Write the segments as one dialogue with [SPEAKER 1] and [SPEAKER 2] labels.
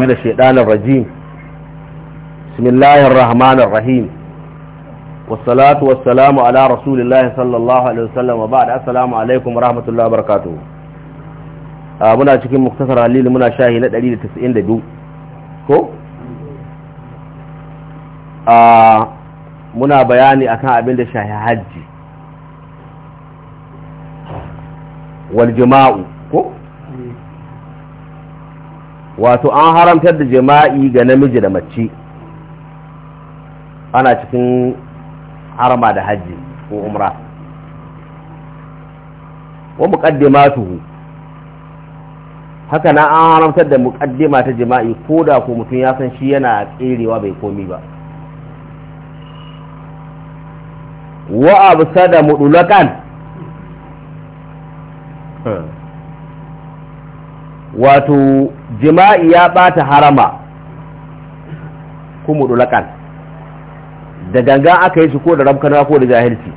[SPEAKER 1] من الشيطان الرجيم بسم الله الرحمن الرحيم والصلاة والسلام على رسول الله صلى الله عليه وسلم وبعد السلام عليكم ورحمة الله وبركاته muna cikin muktasar halil muna shahi na 192 ko a muna bayani akan abin da shahi hajji wal jima'u ko wato an haramtar da jima'i ga namiji da mace ana cikin harama da hajji ko umra wa muqaddimatuhu haka na an haramtar da muqaddima ta jima'i ko da ko mutum ya san shi yana tserewa bai komi ba wa absada mudulakan hmm. wato jima'i ya bata harama kuma dulakan da ganga aka yi shi ko da ramkana ko da jahilci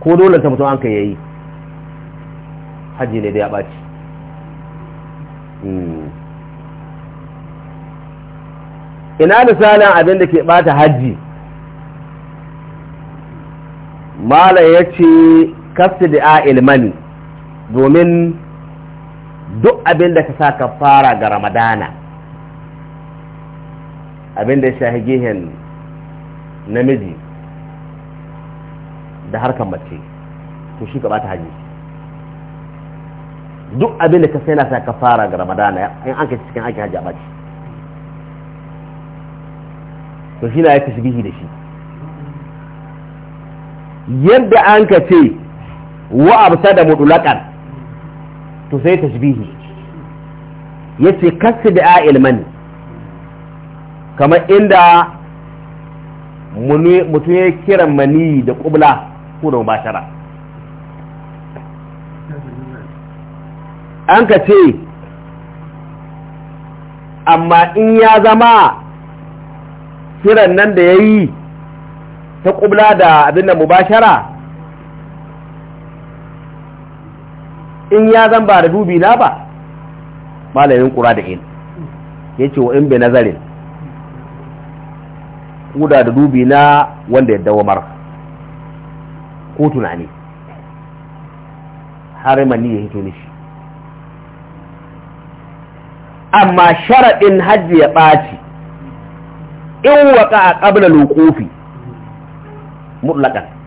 [SPEAKER 1] ko dole ta mutum an ka yayi haji ne da ya baci hmm. ina misalin abin da ke bata hajji mala ya ce kafti da a ilmani domin duk abin da ka sa ka fara ga ramadana abin da ya shahi gihin namiji da harkar mace to shi ka bata hajji duk abin da ka sai na sa ka fara ga ramadana in an ka cikin ake hajji a baci to shi na ya tashbihi da shi yadda an ka ce wa absa da mutulakan to sai tashbihi yace kasu da ilman kamar inda mutum ya kiran mani da kubla ko da mubashara an ka ce amma in ya zama kiran nan da ya yi ta kubla da abin da mubashara in ya zan ba da dubi na ba malamin kura da in ya ce wa in bai nazarin kuda da dubi na wanda ya dawamar ko tunani har mani ya hito nishi amma sharaɗin hajji ya ɓaci in waka a ƙabla lokofi mutlaƙar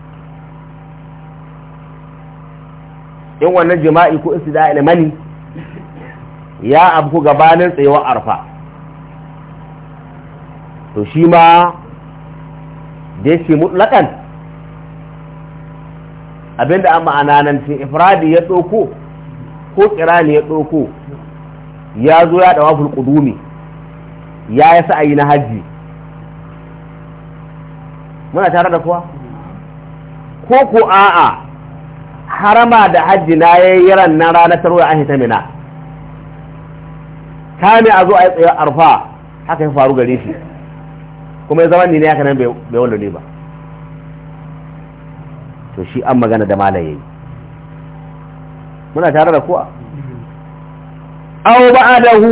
[SPEAKER 1] in wannan jima'i ko istida ilmani ya abu gabanin tsayuwar arfa to shi ma da yake mutlakan abinda an ma'ana nan cin ifradi ya ɗauko ko kirani ya ɗauko ya zo ya dawa fulƙudumi ya yi sa'ayi na hajji muna tare da kuwa ko ko a'a harama da hajji na yayi ran na ranar tarwa an hita mina ne a zo a yi tsayar arfa haka ya faru gare shi kuma ya zama ne haka nan bai wanda ne ba to shi an magana da malaye muna tare da kuwa au ba'adahu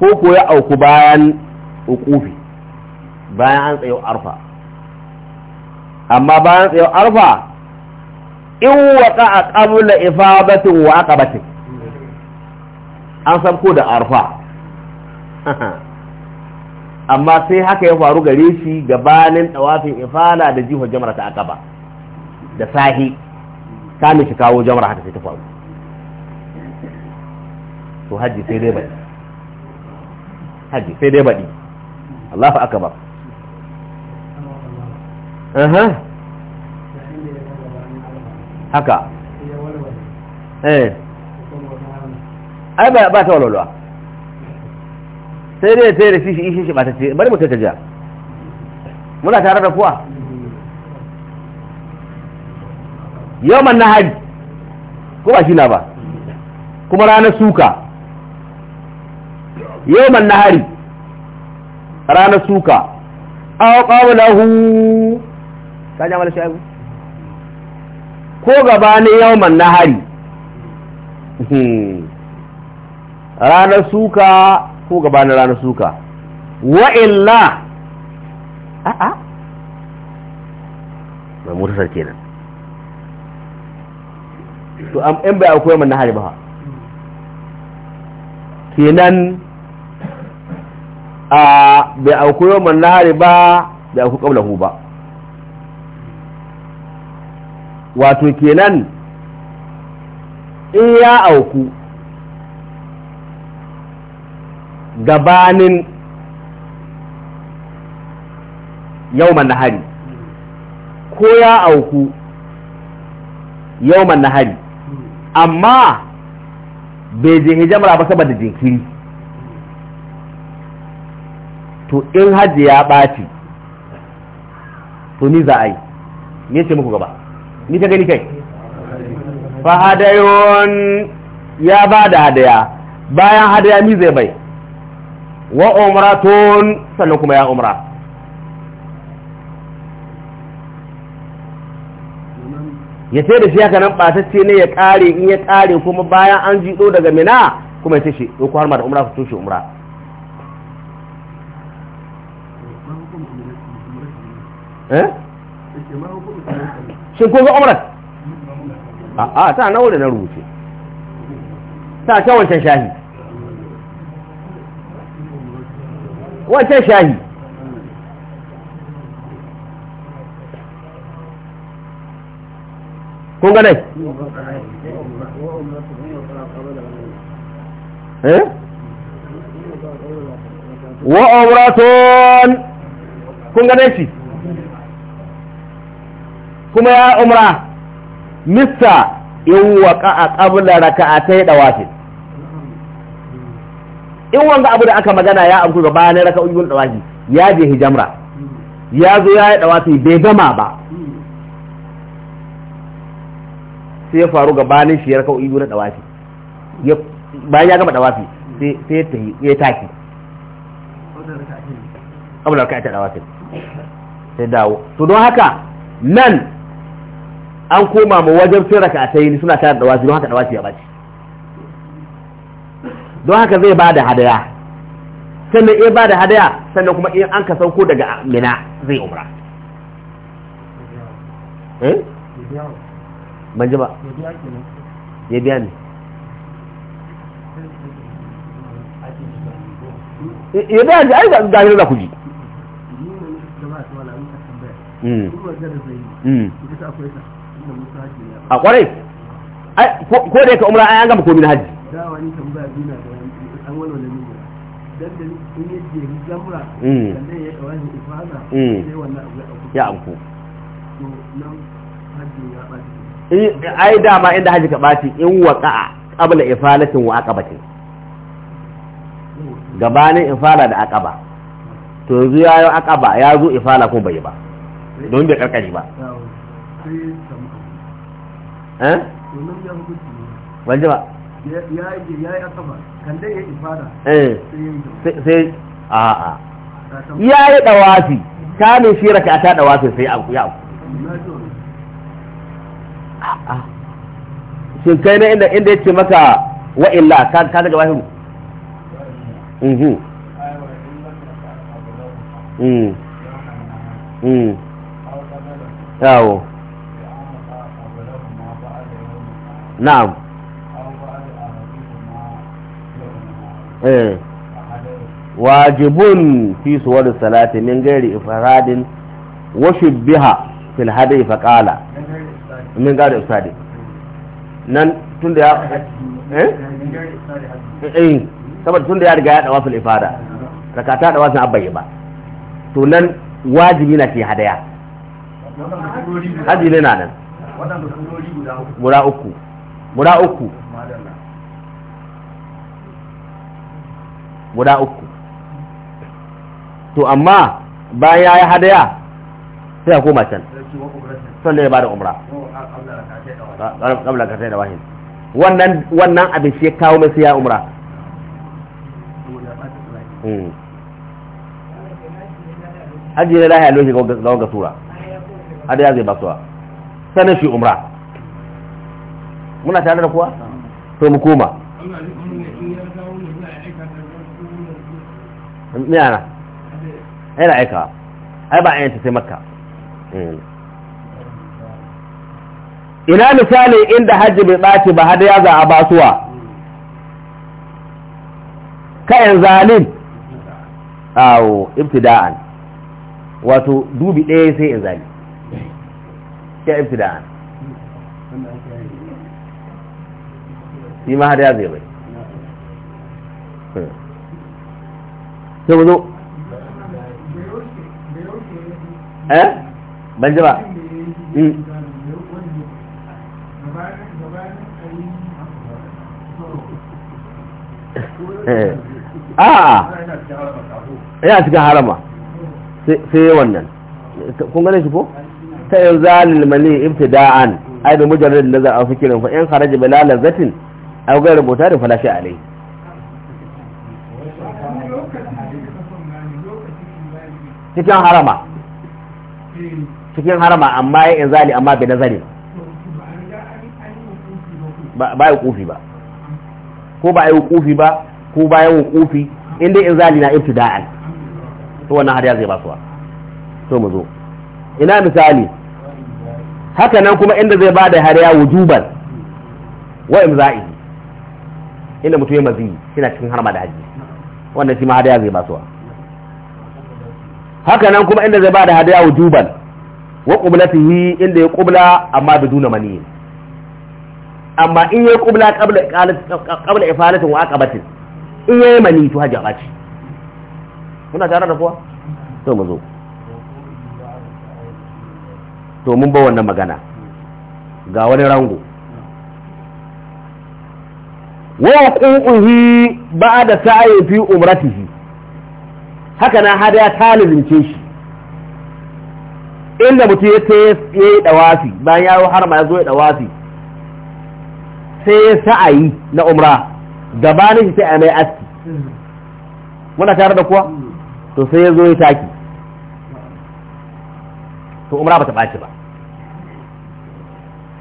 [SPEAKER 1] ko ko ya auku bayan ukufi bayan an tsayo arfa amma bayan tsayon arfa in waka a ifa ifabatin wa batin an samko da arfa amma sai haka ya faru gare shi gabanin tsawafin ifala da jiho jamara ta ba da sahi kamin shi kawo jamara haka sai ta faru to hajji sai dai baɗi hajji sai dai baɗi Allahu ba haka eh ai ba ta walwalwa sai dai ta yi da shi ishe shi ba ta ce bari mutum ta jiya muna tare da kuwa yawan nahari ko ba shi na ba kuma ranar suka na nahari ranar suka awa ƙawo hu. ka ja mala shaibu ko gabanin yawman nahari ranar suka ko gabanin ranar suka wa illa a'a mai mutasar kenan to am in bai akwai yawman nahari ba kenan a bai akwai yawman nahari ba bai akwai hu ba wato kenan in ya auku gabanin yawman nahari ko ya auku yawman nahari amma bai je hijamra ba saboda jinkiri to in hajji ya ɓaci to ni za a yi ne ce muku gaba ni ta gani kai fa hadayon ya ba da hadaya bayan hadaya mi zai bai wa umratun sannan kuma ya umra ya ce da shi haka nan ɓatacce ne ya kare in ya kare kuma bayan an jiɗo daga mina kuma ya ce ko har ma da umra su tushe umra eh shin kun ga umrar a ta na wuri na rubuce ta ta wancan shahi wancan shahi kun ga dai eh wa umratun kun ga dai shi kuma ya umra mista in waka a ƙabla raka a ta yi ɗawafin in wanga abu da aka magana ya amsu gabanin raka ujibin ɗawafi ya je hijamra ya zo ya yi ɗawafi bai gama ba sai ya faru gabanin shi ya raka ujibin ɗawafi bayan ya gama ɗawafi sai ya taki ƙabla raka a ta ɗawafi sai dawo to don haka nan an koma mu wajen ta yi suna tare da wasu don haka da wasu ya bace don haka zai ba da hadaya sannan iya ba da hadaya sannan kuma in an ka sauko daga mina zai umra eh ban ji ba ya biya ne ya biya ne ai ga gani za Mm. ji Mm. a kwarai ko da yake umra ai an gama komai na hajji da wani tambaya da an ne da in ya mm. ya ya ai dama gabanin ifala da aqaba to yanzu ya yi aqaba ya zo ifala ko bai ba don bai karkari ba eh ban ji ba ya yi akaba kan dai ya ifada eh sai a a ya yi dawafi ta ne shi raka ta sai ya shin kai inda inda maka wa illa ka ka wahiru mhm mhm mhm yawo na'am eh wajibun fi suwar salati min gairi ifradin wa shubbiha fil hadi fa qala min gairi ifradi nan da ya eh eh saboda da ya riga ya dawa fil ifada rakata dawa sun abaye ba to nan wajibi na ke hadaya hadi ne na nan guda uku guda uku guda uku to amma bayan ya yi hadaya sai ya koma can sannan ya ba da umra ƙabla ka da wahin wannan abin shi ya kawo mai sai ya umra hmm. hajji na lahiya lokaci ga wanga tura hadaya zai basuwa sanin shi umra muna tare da kuwa to mu koma miyana yana aika ai ba ayyanta sai makka eh. ina misali inda hajji bai ɓaci ba hada ya za a basuwa kayan zalim awo ibtida'an wato dubi ɗaya sai in zalim ya ibtida'an shi ma har ya zai bai sai mu zo eh ban ji ba hmm. eh. a ya cikin harama sai wannan kun gane shi ko ta yanzu zalil mani ibtida'an ai da mujarrad nazar a fikirin fa in kharaja bila lazatin aw gairu mutarin fala shay alai cikin harama cikin harama amma ya zali amma bi nazari ba ya kufi ba ko ba ya yi kufi ba ko ba ya yi kufi inda zali na ibtida'an to wannan har ya zai basuwa to mu zo ina misali haka nan kuma inda zai bada ya wujuban wa imza'i inda mutum ya mazi yana cikin harma da haji wannan shi ma hadaya zai basuwa haka nan kuma inda zai ba da hadaya wujuban wa qublatihi inda ya qubla amma biduna mani amma in ya qubla qabla qabla ifalatin wa aqabatin in ya yi mani to haji abaci muna tare da kowa to mu zo to mun ba wannan magana ga wani rango wa quuhi ba'da sa'i fi umratihi haka na hada ta lubince shi inda mutu ya yi dawafi bayan ya har ma ya zo ya dawafi sai ya na umra gabanin shi sai mai aski muna tare da kuwa to sai ya zo ya taki to umra ba ta ɓaci ba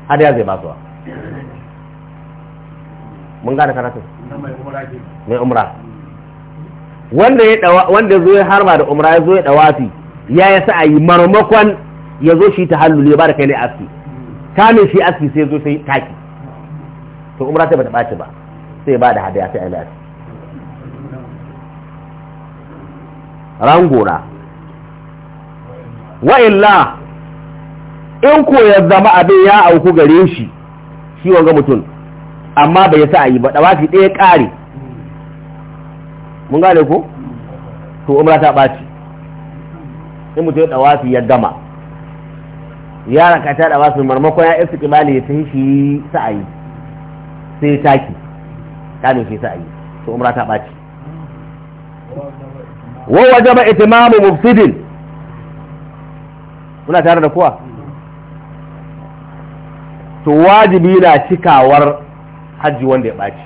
[SPEAKER 1] hada ya zai basuwa mun gane karatu mai umra wanda ya dawa wanda zo ya harba da umra ya zo ya dawafi ya ya sa ayi marmakon ya zo shi tahallul ya ba da kai ne aski kamin shi aski sai zo sai taki to umra sai bata baci ba sai ba da hadaya sai ayi rangona wa illa in ko ya zama abin ya auku gare shi shi wanga mutum amma bai sa a yi ba dawafi ɗaya ƙare mun gane ko to umra ta ɓaci in mutum ya dawafi ya gama ya raka ta dawafi marmakon ya istiqbali ya tafi shi sa'ayi sai ya taki kamin shi sa'ayi to umra ta ɓaci wa wajaba itimamu mufsidin muna tare da kuwa to wajibi na cikawar hajji wanda ya ɓaci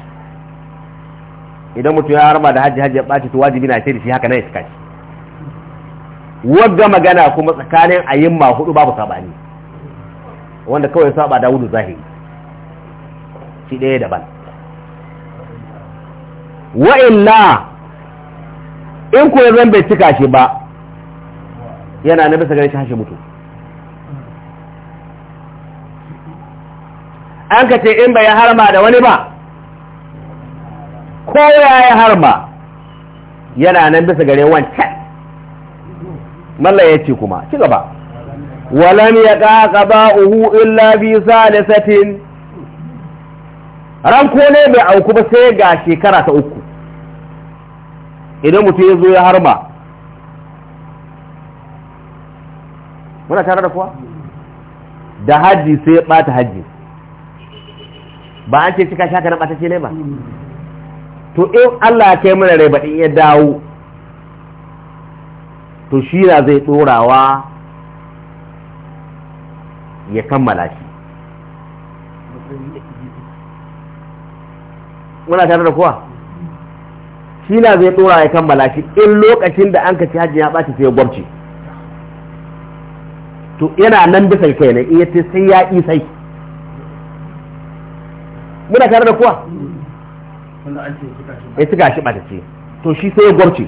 [SPEAKER 1] idan mutum ya harba da hajji hajji ya ɓaci to wajibi na ce da shi haka nan ya cika shi wadda magana kuma tsakanin ma hudu babu saɓani wanda kawai ya saba wudu zahiri shi ɗaya daban wa'illa in kuwa zan bai cika shi ba yana na bisa ganin shi hashe mutu an ka ce in bai harma da wani ba ko ya yi harma yana nan bisa gare wancan mallan ya ce kuma ci gaba walam ya ƙaƙa ba'uhu illa bi satin? ranko ne bai auku ba sai ga shekara ta uku idan mutum ya zo ya harma muna tare da kuwa da hajji sai ya ɓata hajji ba an ce cika shaka na ce ne ba to in Allah ya kai mana rai in ya dawo to shi na zai ɗorawa ya kammala shi muna tare da kowa shi na zai ɗora ya kammala shi in lokacin da an ka ci hajji ya ɓaci sai ya gwamce to yana nan bisa kai ne in ya sai ya isai muna tare da kuwa ya tuga shi ɓata ce to shi sai ya gwarce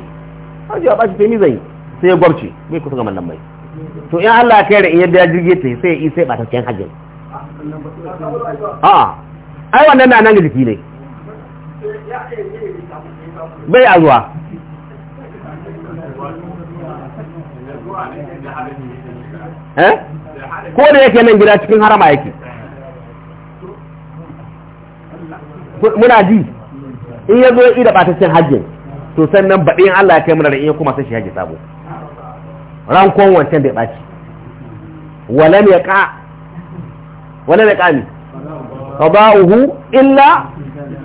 [SPEAKER 1] an ji a shi ta yi zai sai ya gwarce mai kusa ga mallam mai to in Allah kai da in yadda ya jirge ta sai ya yi sai ɓata cikin hajjin a ai wannan na nan jiki ne bai a zuwa eh? ko da yake nan gida cikin harama yake muna ji in ya zo ya ida batacin hajjin to sannan baɗin Allah ya kai mana ra'in kuma sai shi hajji sabo rankon wancan ya ɓaci walam ya ka walam ya ƙami qada'uhu illa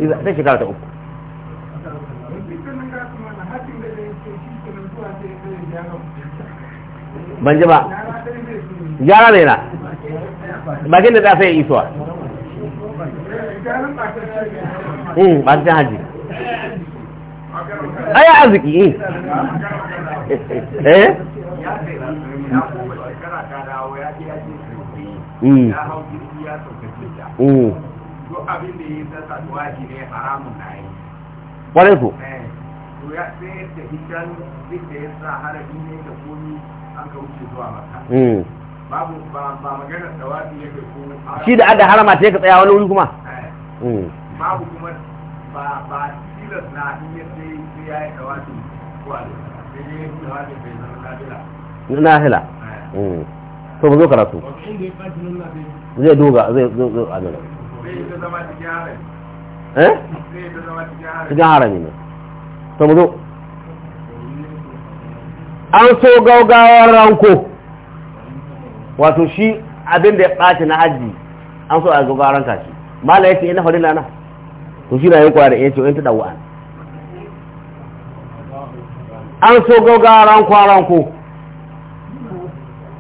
[SPEAKER 1] idza sai shekara ta uku ban ji ba yara ne na bakin da za sai isuwa Hmm, eh haji eh? hmm. hmm. da shi da ya sa ada harama ta ka tsaya wani wuri kuma? Mm. babu kuma ba ba tilas na iya sai ya yi tawafi ko a sai ya yi tawafi na nafila eh. mm. to mu zo karatu zai doga zai zo zo a nan eh cikin harami ne to mu zo an so gaugawar ranko wato shi abin da ya ɓaci na hajji an so a gaugawaran kashi mala yace ina hulina na to shi na yin kwara yace in ta dawa an so goga ran kwaran ku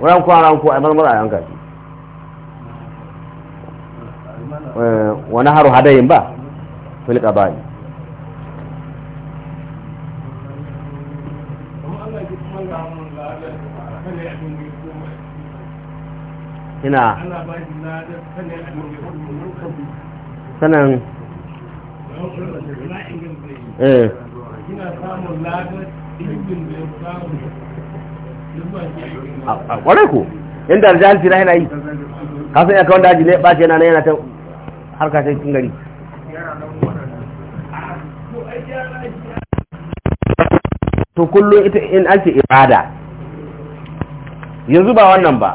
[SPEAKER 1] ran kwaran ku a marmara yanka shi eh, wani haru hadayin ba fil qabali ina sanan eh a kwarai ko inda arjihar fira yana yi kasan ya kawon daji ne ba ce yana yana ta harka sai cikin gari to kullum ita in ake ibada yanzu ba wannan ba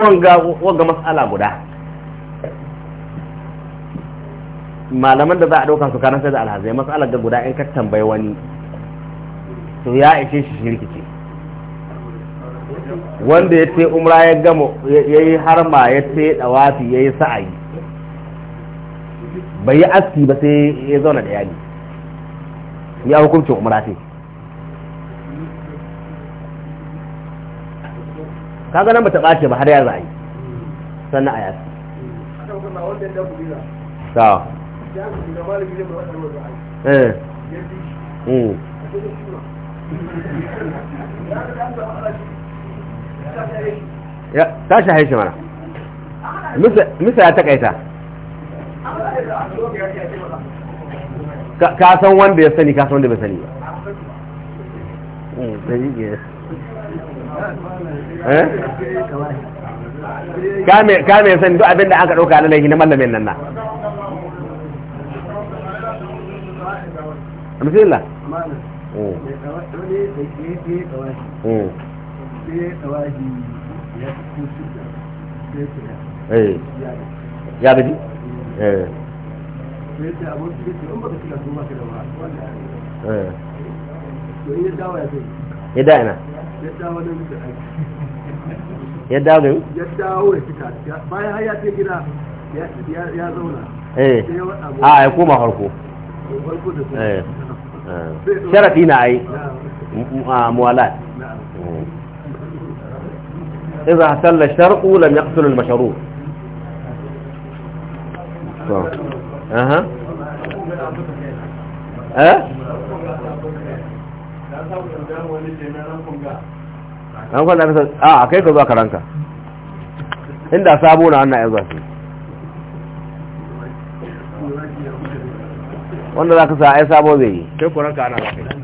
[SPEAKER 1] wanga wanga mas'ala guda malaman da za a ɗauka su karanta da alhazai matsalar da guda in ka tambayi wani to ya ishe shi ce wanda ya ce umra ya gama ya yi harma ya ce dawafi ya yi sa'ayi bai yi aski ba sai ya zauna da yali ya hukuncin umra ce kaga nan ba ta ɓace ba har ya za'ayi sannan a yasi. ta shahe shi mana misa ya takaita ka san wanda ya sani ka san wanda bai sani ba hmm, eh? ka mai sani duk abinda an ka ɗauka na laifi na mallamin nan na bismillah eh. eh. ya tafi eh. ya da ina ya dawo ne ya dawo ya fita bayan har ya ce gida ya zauna a ya ah, koma harko Sharafi na ai muwalat iza hasalla sharqu lam yaqtul al masharu aha eh an a kai ka zuwa karanka inda sabo na wannan ya wanda za ka sa ai sabo zai yi